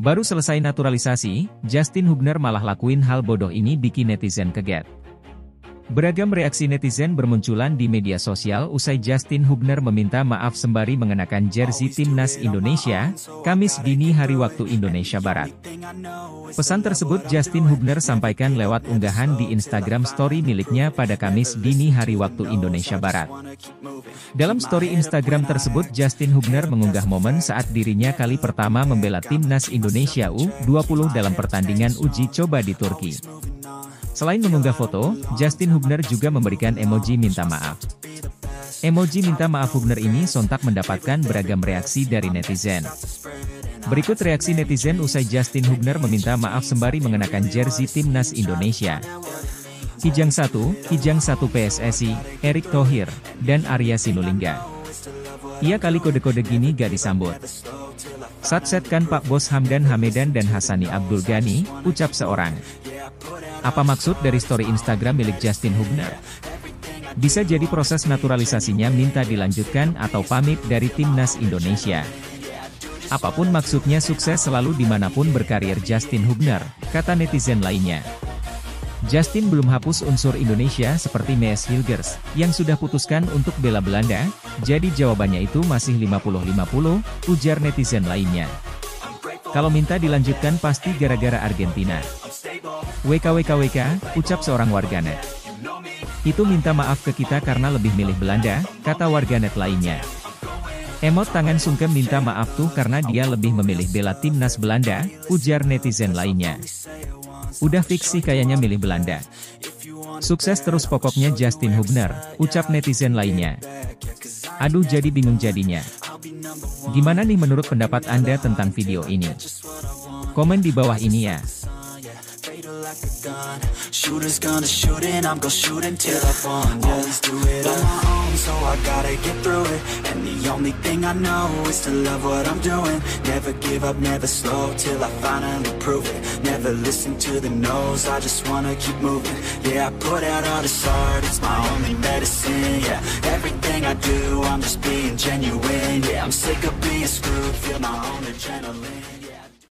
Baru selesai naturalisasi, Justin Hubner malah lakuin hal bodoh ini bikin netizen keget. Beragam reaksi netizen bermunculan di media sosial usai Justin Hubner meminta maaf sembari mengenakan jersey timnas Indonesia, Kamis dini hari waktu Indonesia Barat. Pesan tersebut Justin Hubner sampaikan lewat unggahan di Instagram story miliknya pada Kamis dini hari waktu Indonesia Barat. Dalam story Instagram tersebut Justin Hubner mengunggah momen saat dirinya kali pertama membela timnas Indonesia U20 dalam pertandingan uji coba di Turki. Selain mengunggah foto, Justin Hubner juga memberikan emoji minta maaf. Emoji minta maaf Hubner ini sontak mendapatkan beragam reaksi dari netizen. Berikut reaksi netizen usai Justin Hubner meminta maaf sembari mengenakan jersey timnas Indonesia. Kijang 1, Kijang 1 PSSI, Erik Thohir, dan Arya Sinulinga. Ia kali kode-kode gini gak disambut. Satsetkan Pak Bos Hamdan Hamedan dan Hasani Abdul Ghani, ucap seorang. Apa maksud dari story Instagram milik Justin Hubner? Bisa jadi proses naturalisasinya minta dilanjutkan atau pamit dari timnas Indonesia. Apapun maksudnya sukses selalu dimanapun berkarir Justin Hubner, kata netizen lainnya. Justin belum hapus unsur Indonesia seperti Mees Hilgers, yang sudah putuskan untuk bela Belanda, jadi jawabannya itu masih 50-50, ujar netizen lainnya. Kalau minta dilanjutkan pasti gara-gara Argentina. WKWKWK, ucap seorang warganet. Itu minta maaf ke kita karena lebih milih Belanda, kata warganet lainnya. Emot tangan sungkem minta maaf tuh karena dia lebih memilih bela timnas Belanda, ujar netizen lainnya. Udah fiksi kayaknya milih Belanda. Sukses terus pokoknya Justin Hubner, ucap netizen lainnya. Aduh jadi bingung jadinya. Gimana nih menurut pendapat Anda tentang video ini? Komen di bawah ini ya. like a gun. Shooters gonna shoot and I'm gonna shoot until I find yeah. Always do it on my own, so I gotta get through it. And the only thing I know is to love what I'm doing. Never give up, never slow till I finally prove it. Never listen to the no's, I just wanna keep moving. Yeah, I put out all this art, it's my only medicine. Yeah, everything I do, I'm just being genuine. Yeah, I'm sick of being screwed, feel my own adrenaline.